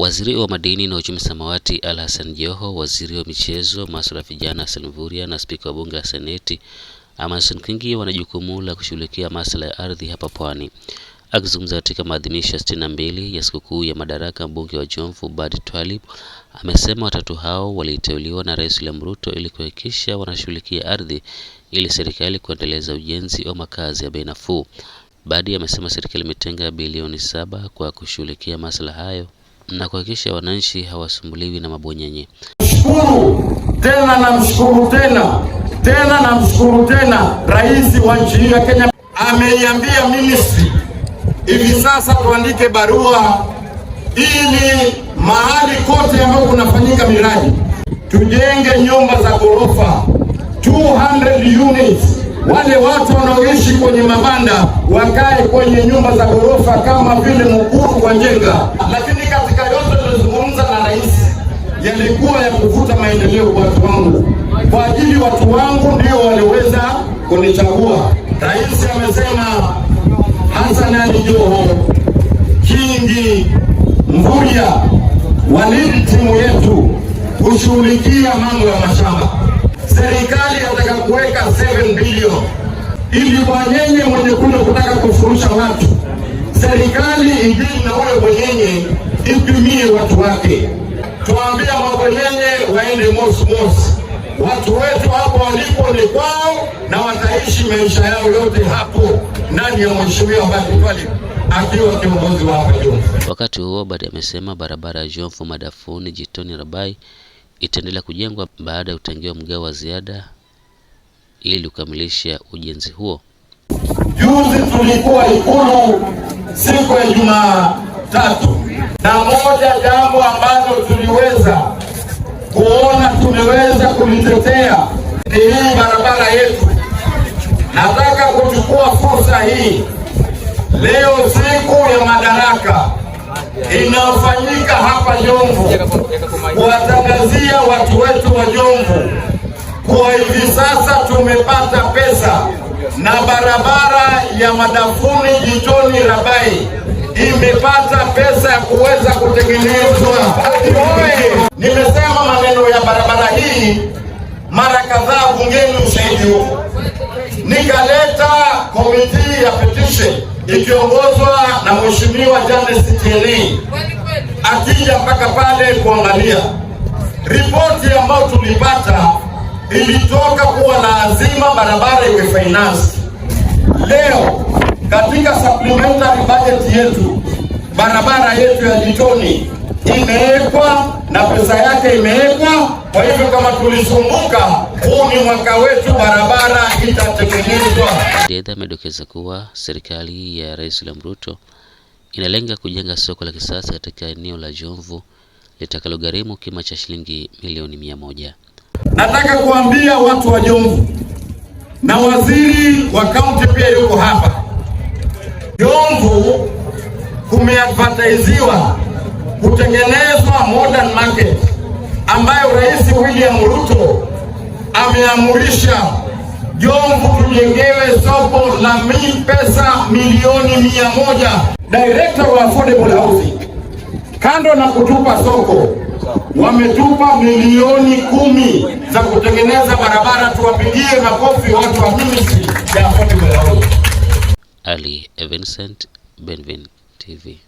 Waziri wa Madini na Uchumi Samawati al Hassan Joho, waziri wa michezo, masuala ya vijana Hassan na spika wa bunge la Seneti Amason Kingi wana jukumu la kushughulikia masuala ya ardhi hapa Pwani. Akizungumza katika maadhimisho ya sitini na mbili ya sikukuu ya Madaraka, mbunge wa Jomvu Badi Twalib amesema watatu hao waliteuliwa na Rais William Ruto ili kuhakikisha wanashughulikia ardhi ili serikali kuendeleza ujenzi wa makazi ya bei nafuu. Badi amesema serikali imetenga bilioni saba kwa kushughulikia masuala hayo na kuhakikisha wananchi hawasumbuliwi na mabonyenye. Shukuru tena mshukuru tena tena mshukuru tena rais wa nchi hii ya Kenya ameiambia ministry hivi sasa tuandike barua ili mahali kote ambapo kunafanyika miradi tujenge nyumba za ghorofa 200 units. Wale watu wanaoishi kwenye mabanda wakae kwenye nyumba za ghorofa kama vile Mukuru wa jenga yalikuwa ya kuvuta maendeleo watu wangu, kwa ajili watu wangu ndio waliweza kunichagua. Rais amesema Hassan Ali Joho, Kingi Mvurya walimu timu yetu kushughulikia mambo ya mashamba. Serikali yataka kuweka 7 bilioni ili mwenyenye mwenye kule kutaka kufurusha watu, serikali ingine na ule mwenyenye ipimie watu wake tuambia mambo yenye waende mosi mosi. Watu wetu hapo walipo ni kwao na wataishi maisha yao yote hapo ndani ya mheshimiwa mbalimbali akiwa kiongozi wa hapa Jomvu. Wakati huo Badi amesema barabara ya Jomvu Madafuni Jitoni Rabai itaendelea kujengwa baada ya utengewa mgao wa ziada ili kukamilisha ujenzi huo. Juzi tulikuwa Ikulu siku ya Jumatatu na moja jambo ambalo tuliweza kuona tumeweza kulitetea ni hii barabara yetu. Nataka kuchukua fursa hii leo, siku ya madaraka inayofanyika hapa Jomvu, kuwatangazia watu wetu wa Jomvu kwa hivi sasa tumepata pesa na barabara ya Madafuni Jijoni Rabai imepata pesa ya kuweza kutengenezwa. Nimesema maneno ya barabara hii mara kadhaa bungeni ushahidi, nikaleta komiti ya petition ikiongozwa na mheshimiwa janes Tieni akija mpaka pale kuangalia ripoti ambayo tulipata ilitoka kuwa azima barabara iwe finance. Leo katika supplementary budget yetu barabara yetu ya Jitoni imewekwa na pesa yake imewekwa. Kwa hivyo kama tulisumbuka, huu ni mwaka wetu, barabara itatengenezwa. Dedha amedokeza kuwa serikali ya Rais William Ruto inalenga kujenga soko la kisasa katika eneo la Jomvu litakalogharimu kima cha shilingi milioni mia moja. Nataka kuambia watu wa Jomvu na waziri wa kaunti pia yuko hapa Jomvu kumeadvataiziwa kutengenezwa modern market ambayo Rais William Ruto ameamurisha Jomvu tujengewe soko la pesa milioni mia moja. Director wa affordable housing, kando na kutupa soko, wametupa milioni kumi za kutengeneza barabara. Tuwapigie makofi watu wa ministry ya affordable housing. Ali Vincent Benvin TV.